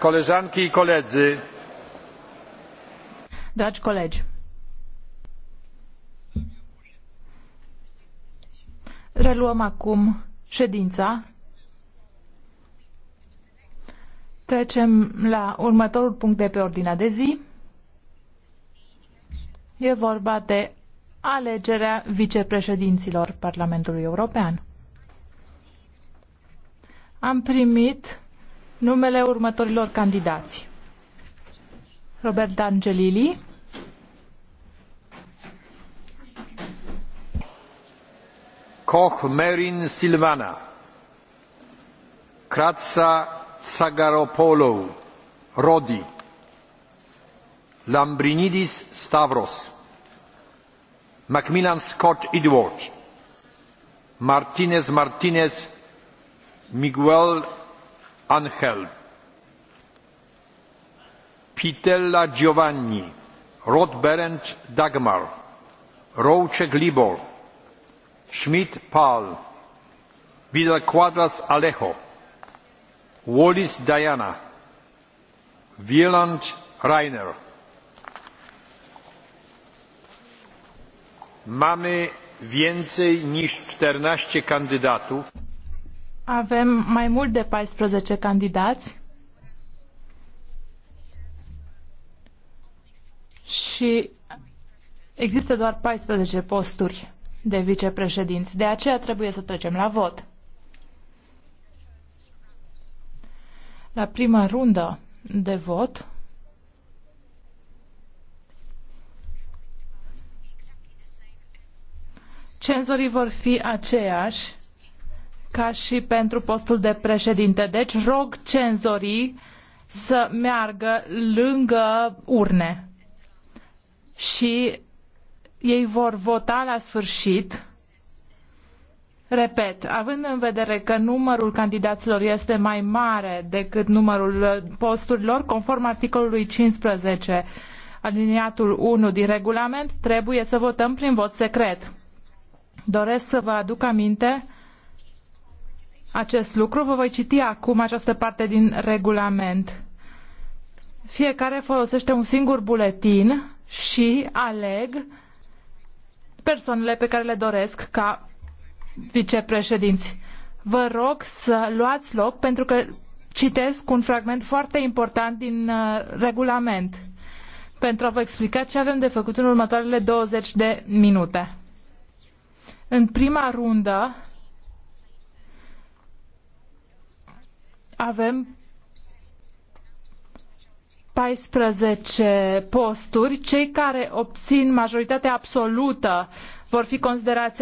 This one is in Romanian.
Koleżanki i koledzy. Dragi colegi. Reluăm acum ședința. Trecem la următorul punct de pe ordinea de zi. E vorba de alegerea vicepreședinților Parlamentului European. Am primit numele următorilor candidați. Robert Angelili, Koch Merin Silvana. Kratsa Tsagaropoulou. Rodi. Lambrinidis Stavros. Macmillan Scott Edward. Martinez Martinez. Miguel Angel, Pitella Giovanni, Rodberent Dagmar, Roche Libor, Schmidt Paul, Vidal Quadras Alejo, Wallis Diana, Wieland Reiner. Mamy więcej niż 14 kandydatów. Avem mai mult de 14 candidați și există doar 14 posturi de vicepreședinți. De aceea trebuie să trecem la vot. La prima rundă de vot cenzorii vor fi aceiași ca și pentru postul de președinte. Deci rog cenzorii să meargă lângă urne și ei vor vota la sfârșit. Repet, având în vedere că numărul candidaților este mai mare decât numărul posturilor, conform articolului 15 aliniatul 1 din regulament, trebuie să votăm prin vot secret. Doresc să vă aduc aminte acest lucru. Vă voi citi acum această parte din regulament. Fiecare folosește un singur buletin și aleg persoanele pe care le doresc ca vicepreședinți. Vă rog să luați loc pentru că citesc un fragment foarte important din uh, regulament pentru a vă explica ce avem de făcut în următoarele 20 de minute. În prima rundă avem 14 posturi. Cei care obțin majoritatea absolută vor fi considerați